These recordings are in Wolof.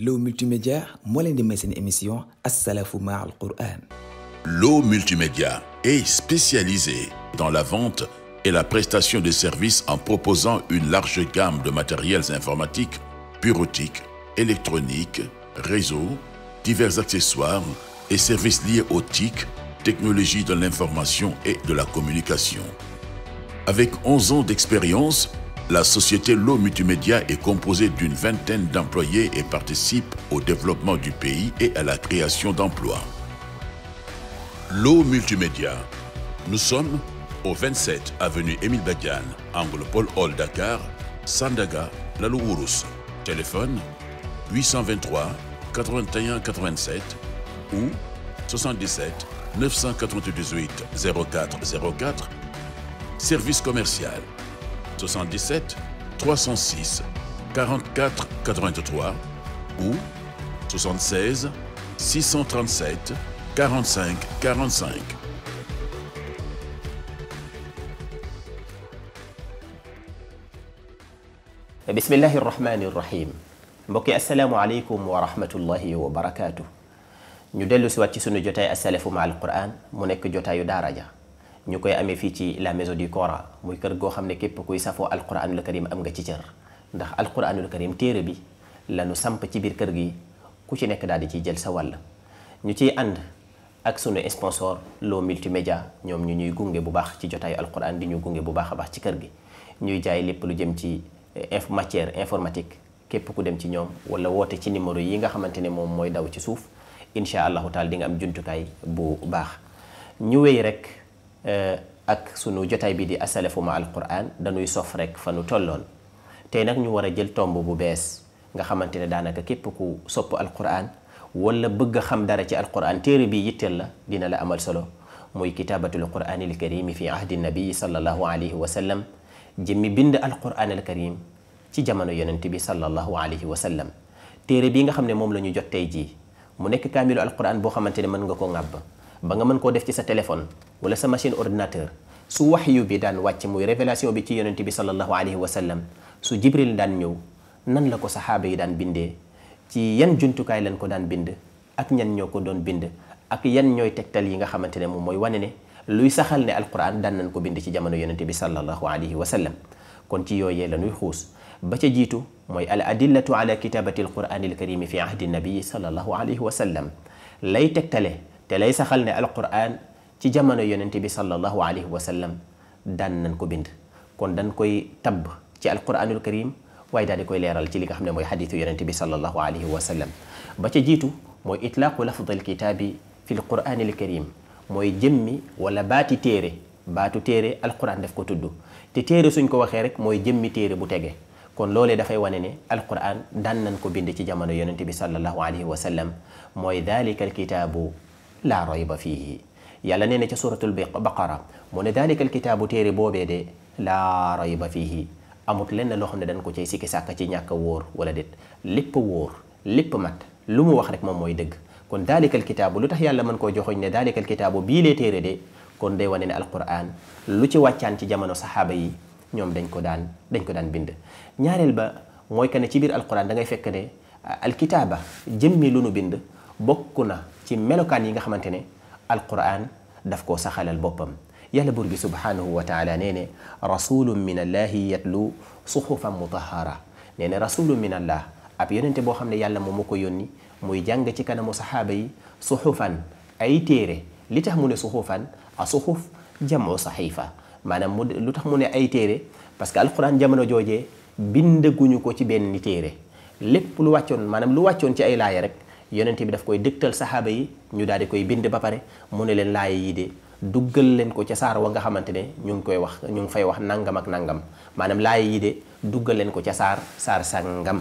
L'eau multimédia moi Qur'an. L'eau multimédia est spécialisée dans la vente et la prestation de services en proposant une large gamme de matériels informatiques, bureautiques, électroniques, réseaux, divers accessoires et services liés aux TIC, technologies de l'information et de la communication. Avec 11 ans d'expérience, la société L'eau Multimédia est composée d'une vingtaine d'employés et participe au développement du pays et à la création d'emplois. L'eau Multimédia. Nous sommes au 27 avenue Émile Badian, angle Paul Hall Dakar, Sandaga, Lalouourous. Téléphone 823 81 87 ou 77 998 04 04. Service commercial 77 306 44 83 ou 76 637 45 45. بسم الله الرحمن الرحيم مبكي السلام عليكم ورحمة الله وبركاته ندلس واتسون جوتاي السلف مع القرآن منك جوتاي دارجة ñu koy amee fii ci la maison du Coran muy kër goo xam ne képp kuy safoo la karim am nga ci cër ndax la karim téere bi lanu samp ci biir kër gi ku ci nekk daal di ciy jël sa wàll ñu ciy ànd ak sunu sponsor loo multimédia ñoom ñu ñuy gunge bu baax ci jotaayu alquran di ñu gunge bu baax a baax ci kër gi ñuy jaay lépp lu jëm ci eh, inf matière informatique képp ku dem ci ñoom wala woote ci numéro yi nga xamante ne moom mooy daw ci suuf incha allahu taala di nga am jumtukaay bu baax ñu wéy rek. ak sunu jotay bi di asalafu ma alquran dañuy sof rek fa nu tollon tay nak ñu wara jël tomb bu bes nga xamantene ne daanaka képp ku sopp alquran wala bëgg xam dara ci alquran téré bi yittel la dina la amal solo moy kitaabatul qur'an al karim fi ahdi nabi sallallahu alayhi wa sallam jëmmi bind alquran al karim ci jamono yonent bi sallallahu alayhi wa sallam téré bi nga xamne mom lañu jot tay ji mu nek kaamilu alquran bo xamantene man nga ko ngab ba nga mën koo def ci sa téléphone wala sa machine ordinateur su waxyu bi daan wàcc muy révélation bi ci yonent bi sallallahu alayhi wa sallam su jibril daan ñëw nan la ko saxaaba yi daan bindee ci yan jumtukaay lañ ko daan bind ak ñan ñoo ko doon bind ak yan ñooy tegtal yi nga xamante ne moom mooy wane ne luy saxal ne alquran daan nañ ko bind ci jamono yonent bi sallallahu alayhi wa sallam kon ci yooyee la ñuy xuus ba ca jiitu mooy al adillatu ala kitabati alqurani alkarimi fi ahdi nabii sallallahu alayhi wa sallam lay tegtale te lay saxal ne alquran ci jamono yonent bi sallallahu alayhi wa sallam daan nañ ko bind kon dañ koy tab ci alquranul karim waaye daal di koy leeral ci li nga xam ne mooy xadiisu yonent bi sallallahu alayhi wa sallam ba ca jiitu mooy itlaaqu lafdal kitaabi fi alquranil karim mooy jëmmi wala baati téere baatu téere alquran daf ko tudd te téere suñ ko waxee rek mooy jëmmi téere bu tege kon loolee dafay wane ne alquran daan nañ ko bind ci jamono yonent bi sallallahu alayhi wa sallam mooy daalika alkitaabu laa rayba fiihi yàlla nee na ca suratul baqara moo ne daalikal kitaabu téere boobee de laa rayba fiihi amut lenn loo xam ne dañ ko cay sikki sàkk ci ñàkk a wóor wala déet lépp wóor lépp mat lu mu wax rek moom mooy dëgg kon daalikal kitaabu lu tax yàlla mën koo joxoñ ne daalikal kitaabu bii lee téere de kon day wane ne alquran lu ci wàccaan ci jamono saxaaba yi ñoom dañ ko daan dañ ko daan bind ñaareel ba mooy que ne ci biir alquran da ngay fekk ne alkitaaba jëmmi lu nu bind bokk na ci melokaan yi nga xamante ne alquran daf ko saxalal boppam yàlla buur bi subhaanahu wa taala nee ne rasulun min allahi yatlu suxufan mutahara nee ne rasulun min allah ab yonente boo xam ne yàlla moom moo ko yónni muy jàng ci kanamu saxaaba yi suxufan ay téere li tax mu ne suxufan a suxuf jamu saxiifa maanaam mu lu tax mu ne ay téere parce que alquran jamono joojee bindaguñu ko ci benn téere lépp lu wàccoon maanaam lu wàccoon ci ay laaya rek yonent bi daf koy dëgtal saxaaba yi ñu daal di koy bind ba pare mu ne leen laay yi de duggal leen ko ca saar wa nga xamante ne ñu ngi koy wax ñu ngi fay wax nangam ak nangam maanaam laay yi de duggal leen ko ca saar saar sangam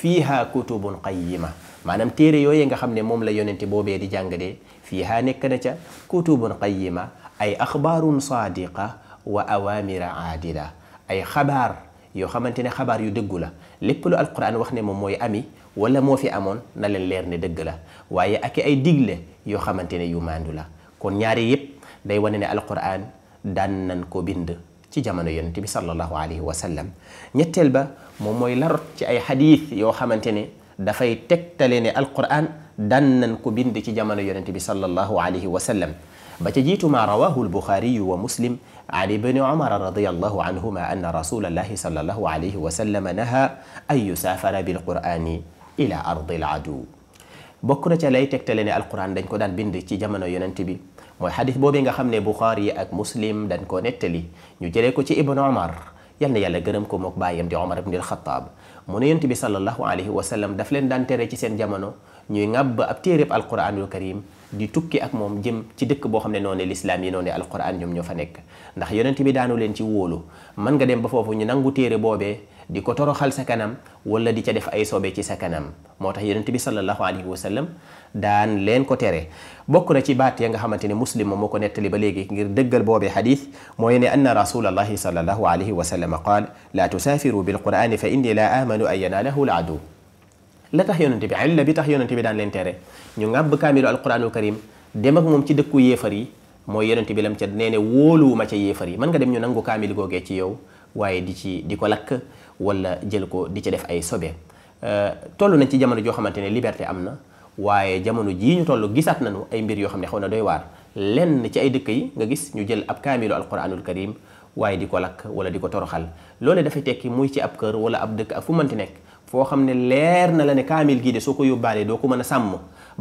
fiiha kutubun qayyima maanaam téere yooyee nga xam ne moom la yonente boobee di jàng de fiiha nekk na ca kutubun qayyima ay axbaarun saadiqa wa awamira aadila ay xabaar yoo xamante ne xabaar yu dëggu la lépp lu alquran wax ne moom mooy ami wala moo fi amoon na leen leer ne dëgg la waaye ak ay digle yoo xamante ne yu maandu la kon ñaari yëpp day wane ne alquran daan nañ ko bind ci jamono yonent bi sallallahu alayhi wa sallam ñetteel ba moom mooy larot ci ay xadiis yoo xamante ne dafay tegtale ne alquran daan nañ ko bind ci jamono yonent bi sallallahu alayhi wa wa muslim عن ابن عمر رضي الله عنهما أن رسول الله صلى الله عليه وسلم نهى أن يسافر بالقرآن إلى أرض العدو bokk na ca lay tegtale ne alquran dañ ko daan bind ci jamono yonent bi mooy xadis boobee nga xam ne buxaari yi ak muslim dañ ko nettali ñu jëlee ko ci ibnu omar yal na yàlla gërëm ko mook bàyyam di omar ibn al xataab mu ne yonent bi sallallahu alayhi wa sallam daf leen daan tere ci seen jamono ñuy ŋàbb ab téereb alquranul karim di tukki ak moom jëm ci dëkk boo xam ne noonu lislaam yi noonu alquran ñoom ñoo fa nekk ndax yonent bi daanu leen ci wóolu mën nga dem ba foofu ñu nangu téere boobee diko ko toroxal sa kanam wala di ca def ay sobe ci sa kanam motax tax yonent bi sallallahu alayhi wa sallam daan len ko tere bokku na ci baat ya nga xamanteni muslim moom moo ko ba legi ngir dëggal bobé hadith moy ne anna rasulullah sallallahu alayhi wa sallam qaal laa tusaafiru bil qur'ani fa inni la amanu an yanalahu al adu la tax yonent bi illa bi tax yonent bi daan len tere ñu ngab kamilu al alquranul karim dem ak mom ci dekk yéefar moy mooy yonent bi lam ci neene woluuma ci ca man nga dem ñu nangu kamil goge ci yow waye di ci diko lak ولا جيلكو دي تي ديف اي ay sobe toll nañ ci jamono joo xamante ne liberté am na waaye jamono jii ñu toll gisaat nañu ay mbir yoo xam ne xaw na nga gis ñu jël ab kamilu alquran karim waaye diko lak wala diko ko toroxal loolee dafay tekki muy ci ab keur wala ab dëkk ak fu manti nek fo xamne leer na la ne kamil gi de soko yobale do ko mën sam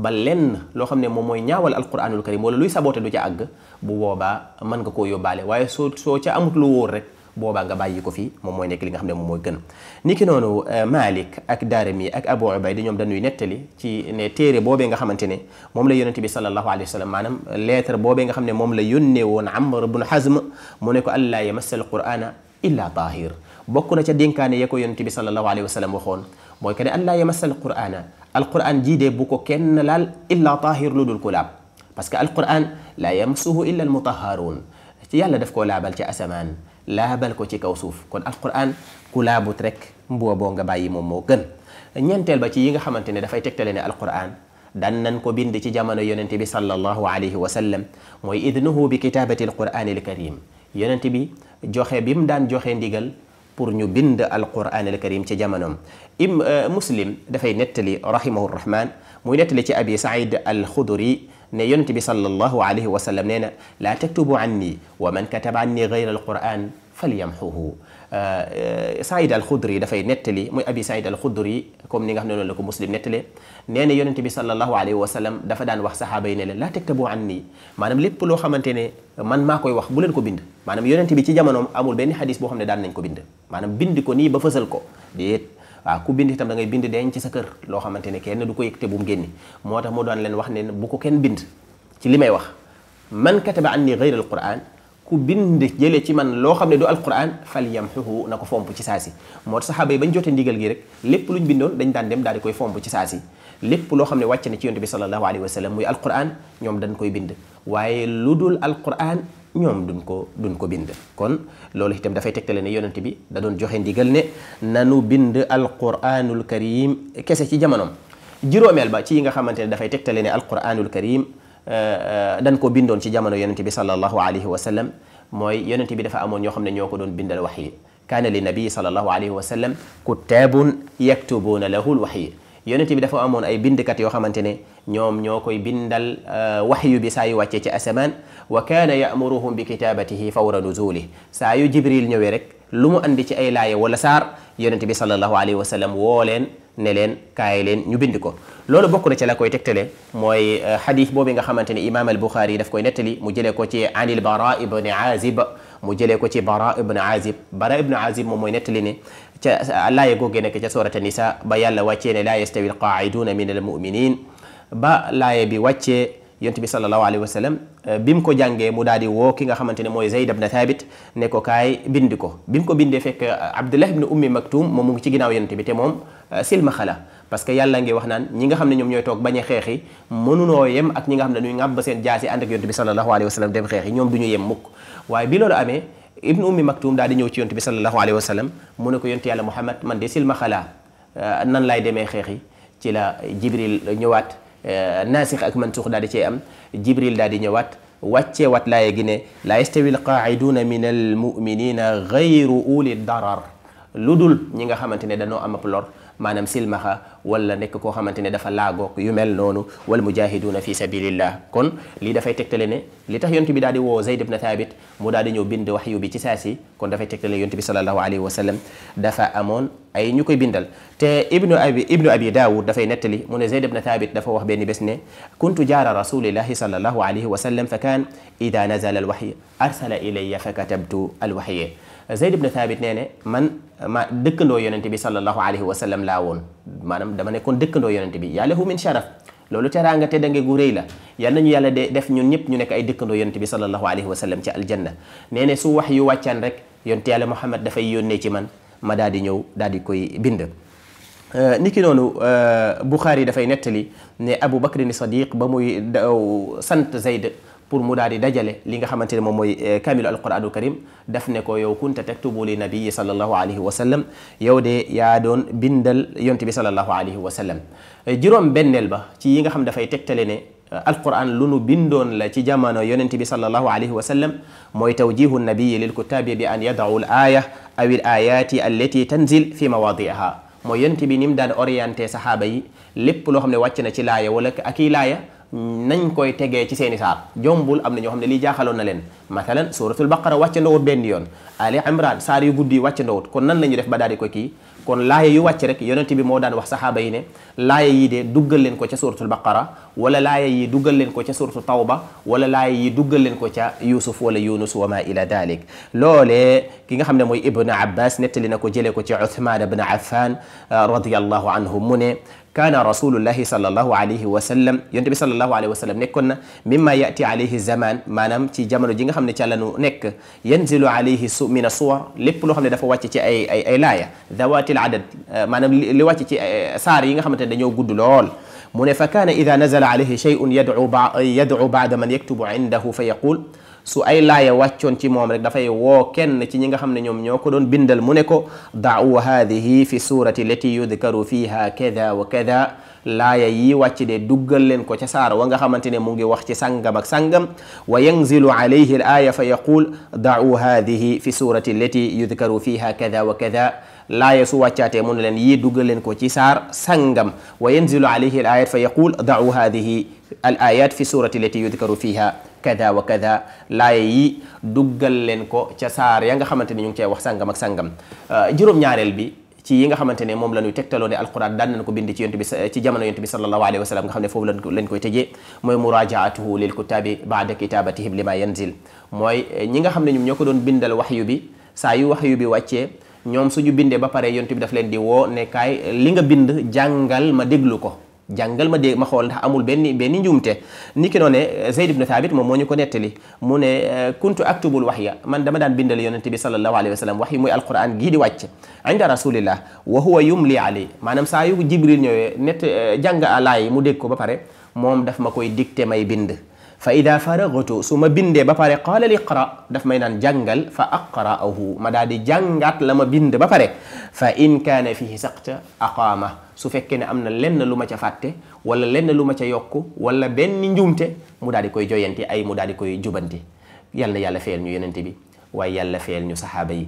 ba len lo xamne mom moy ñaawal alquranul karim wala luy saboté du ci ag bu boobaa man nga ko yobale waaye so ci amut lu wor rek boobaa nga bàyyi ko fi moom mooy nekk li nga xam ne moom mooy gën niki noonu Malik ak Daarimi ak Abu Ubayda ñoom dañuy nettali ci ne téere boobee nga xamante ne moom la yonente bi sallallahu alayhi wa sallam maanaam lettre boobee nga xam ne moom la yónnee woon Amr ibn Hazm mu ne ko allaa yamassa al qur'ana illa tahir bokk na ca dénkaane ya ko yonente bi sallallahu alayhi wa sallam waxoon mooy que ne allaa yamassa al qur'ana alquran jii de bu ko kenn laal illa tahir lu dul ku laab parce que alquran la yamsuhu illa almutaharun ci yàlla daf koo laabal ci asamaan laabal ko ci kaw suuf kon alquran ku laabut rek mbooboo nga bàyyi moom moo gën ñeenteel ba ci yi nga xamante ne dafay tegtale ne alquran dan nan ko bind ci jamono yonente bi sallallahu alayhi wa sallam mooy idnuhu bi kitabati alqurani alkarim yonente bi joxe bi mu daan joxe ndigal pour ñu bind alquran alkarim ci jamonoom im euh, muslim dafay nettali rahimahu rahman muy nettali ci abi said alxuduri ne yonente bi sallallahu alayhi wa sallam nee na laa taktubu anni wa falyamhuhu Saïd al-Khudri dafay nettali muy abi Saïd al-Khudri comme ni nga xam ne noonu la ko muslim nettalee nee na yonent bi sallallahu alayhi wa sallam dafa daan wax saxaaba yi ne leen laa taktubu anni maanaam lépp loo xamante ne man maa koy wax bu leen ko bind maanaam yonent bi ci jamonoom amul benn xadis boo xam ne daan nañ ko bind maanaam bind ko nii ba fësal ko déet waaw ku bind itam da ngay bind denc sa kër loo xamante ne kenn du ko yëg te bu mu génni moo tax mu daan leen wax ne bu ko kenn bind ci li may wax man kataba anni gayra al-Qur'an ku bind jëlee ci man loo xam ne du alquran fal yamxuhu na ko fomp ci saasi moo tax saxaaba yi bañ jotee ndigal gi rek lépp luñ bindoon dañ daan dem daal di koy fomp ci saasi lépp loo xam ne wàcc na ci yonte bi salallahu alayhi wa muy alquran ñoom dañ koy bind waaye lu alquran ñoom duñ ko duñ ko bind kon loolu itam dafay tegtale ne yonent bi da doon joxe ndigal ne nanu bind alquranul karim kese ci jamanom juromel ba ci yi nga xamante ne dafay tegtale ne alquranul karim dañ ko bindon ci jamono yonente bi sallallahu alayhi wa sallam moy yonente bi dafa amone ño xamne ño ko don bindal wahyi kana li nabi sallallahu alayhi wa sallam kutabun yaktubuna lahu alwahyi yonente bi dafa amone ay bind kat yo xamantene ñom ñoo koy bindal wahyu bi saa wacce ci asaman wa kana yamuruhum bi kitabatihi fawra nuzulihi sayu jibril ñewé rek lu andi ci ay laaye wala saar yonente bi sallallahu alayhi wa sallam woo leen ne leen kaay leen loolu bokk na ci la koy tegtale mooy euh, xadis boobu nga xamante ni imaam al buxaari daf koy nettali mu jëlee ko ci anil bara ibn azib mu jëlee ko ci bara ibn azib bara ibn azib moom mooy nettali ne ca laaye googee nekk ca soorata nisa ba yàlla wàccee ne laa yastawi alqaaiduna min almuminin ba laaye bi wàccee yonent sallallahu alayhi wa sallam bim ko jange mu dadi wo ki nga xamantene moy zaid ibn Thabit ne ko kay bindiko bim ko binde fek Abdullah ibn Ummi Maktum mom mu ngi ci ginaaw yonent te mom silma khala parce que yàlla ngi wax nan ñi nga xamne ñom ñoy tok toog xexi mënu no yem ak ñi nga xamne ñuy ngab seen jaasi ànd ak yonent sallallahu alayhi wa sallam dem xexi ñom duñu yem mukk waye bi lolu amé ibn ummi maktum dadi ñëw ci yonent sallallahu alayhi wa sallam mu ne ko yonent yàlla Muhammad man de silma khala nan lay démé xexi ci la Jibril ñewat Euh, naasix ak mansuux daal di cee am jibril daal di ñëwaat wàcceewaat laaye gi ne laa yastawi alqaaciduuna min almuminina gayru uli darar lu dul ñi nga xamante ne dañoo am ab lor manam silmaha wala nek ko xamantene dafa lago yu mel nonu wal mujahiduna fi sabilillah kon li da fay tektale ne li tax yontu bi daal wo zaid ibn Thabit mu daal di ñëw bind wahyu bi ci sasi kon da fay tektale yontu bi sallallahu alayhi wa sallam dafa amon ay ñukoy bindal te ibnu abi ibnu abi daud da fay netali mu ne zaid ibn Thabit dafa wax ben bés ne kuntu jara rasulillahi sallallahu alayhi wa sallam fa kan idha nazala alwaxy arsala ilayya fa katabtu alwaxye Zayd ibn Thabit nee ne man ma dëkkandoo yonente bi sallallahu alayhi wa sallam laa woon maanaam dama nekkoon dëkkandoo yonente bi yaa lahu min sharaf loolu teraanga te dange gu rëy la yal nañu yàlla de def ñun ñëpp ñu nekk ay dëkkandoo yonente bi sallallahu alayhi wa sallam ci aljanna nee ne su wax yu wàccaan rek yonte yàlla muhammad dafay yónnee ci man ma daal di ñëw daal di koy bind euh, niki noonu euh, Bukhari dafay nettali ne Abu Bakrin Sadiq ba muy sant Zayd pour mu daal dajale li nga xamantene mom moy kamil alquran alkarim daf ne ko yow kunta taktubu li nabii sallallahu alayhi wa sallam yow de ya don bindal yonti bi sallallahu alayhi wa sallam jurom benneel ba ci yi nga xam da fay tektale ne alquran lu nu bindoon la ci jamano yonti bi sallallahu alayhi wa sallam moy tawjihu nabiyi lil kutab bi an yad'u l aaya aw l ayati allati tanzil fi mawaadiha moy yonti bi nim dan orienter sahaba yi lépp lo xamne wàcc na ci laaya wala ak ilaaya nañ koy tegee ci seeni saar jombul am na ñoo ne lii jaaxaloon na leen mathalan suratul baqara wàcce ndawut benn yoon ali imran saar yu guddi wàcce ndawut kon nan la ñuy def ba daal di ko kii kon laaye yu wàcc rek yonent bi moo daan wax saxaaba yi ne laaye yi de duggal leen ko ca suratul baqara wala laaye yi duggal leen ko ca suratul tawba wala laaye yi duggal leen ko ca yusuf wala yunus wa ma ila dalik loolee ki nga xam ne mooy ibnu abbas nettali na ko jëlee ko ci uthman ibn affan radiallahu anhu mu ne kaana rasulullahi sallallahu alayhi wa sallam yonent bi sallallahu alayhi wa sallam nekkoon na mimma yaati alayhi zaman maanaam ci jamono ji nga xam ne ca lanu nekk yanzilu alayhi su min a أي, أي, loo xam ne fil adad maanaam li wàcc ci saar yi nga xamante ne dañoo gudd lool mu ne fa kaana ida nazala alayhi shay'un yad'u ba yad'u baada man yaktubu indahu fa su ay laaya wàccoon ci moom rek dafay woo kenn ci ñi nga xam ne doon bindal muneko ne ko da'u haadihi fi suurati lati yudkaru fiha kada wa kada laaya yi wàcc de duggal leen ko ca saar wa nga xamante ne mu ngi wax ci sangam ak sangam wa yanzilu alayhi al aaya fa yaqul da'u haadihi fi suurati lati yudkaru fiha kada wa kada laaye su wàccaatee mu ne leen yi duggal leen ko ci saar sangam wa yanzilu alayhi al ayat fa yaqul da'u hadihi al ayat fi surati lati yudkaru fiha kada wa kada laaye yi duggal leen ko ca saar ya nga xamante ni ñu ngi cee wax sangam ak sangam uh, juróom-ñaareel bi ci yi nga xamante ne moom la ñuy tegtaloo ne alquran daan nañ ko bind ci yonent bi ci jamono yonent bi sallallahu alayhi wa sallam nga xam ne foofu lañ lañ koy tëjee mooy murajaatuhu lil kutabi baada kitabatihim lima yanzil mooy ñi nga xam ne ñoom ñoo ko doon bindal waxyu bi saa yu waxyu bi wàccee ñoom suñu bindee ba pare yonent bi daf leen di woo ne kaay li nga bind jàngal ma déglu ko jàngal ma dégg ma xool ndax amul benn benn njuumte ni ki noone Zayd ibn Thabit moom moo ñu ko nettali mu ne eh, kuntu aktubul wahya man dama daan bindal yonent bi sallallahu alayhi wa sallam wax yi muy alquran gii di wàcc inda rasulillah wa huwa yumli ali maanaam saa yu jibril ñëwee nett eh, jàng alaay mu dégg ko ba pare moom daf ma koy dicté may bind fa ida faragtu su ma bindee ba pare qaala li iqra daf may naan jàngal fa aqra'ahu ma daal di jàngaat la ma bind ba pare fa in kaana fihi saqta aqaama su fekkee ne am na lenn lu ma ca fàtte wala lenn lu ma ca yokk wala benn njuumte mu daal di koy joyante ay mu daal di koy jubanti yal na yàlla feyel ñu yonente bi waaye yàlla feyel ñu saxaaba yi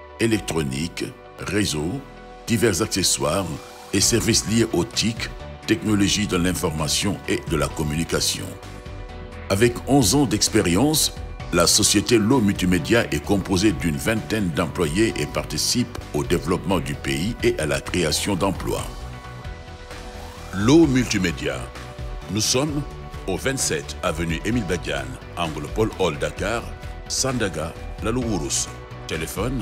électronique, réseau, divers accessoires et services liés aux TIC, technologies de l'information et de la communication. Avec 11 ans d'expérience, la société L'eau Multimédia est composée d'une vingtaine d'employés et participe au développement du pays et à la création d'emplois. L'eau Multimédia. Nous sommes au 27 avenue Émile Badian, angle Paul Hall Dakar, Sandaga, Lalouourous. Téléphone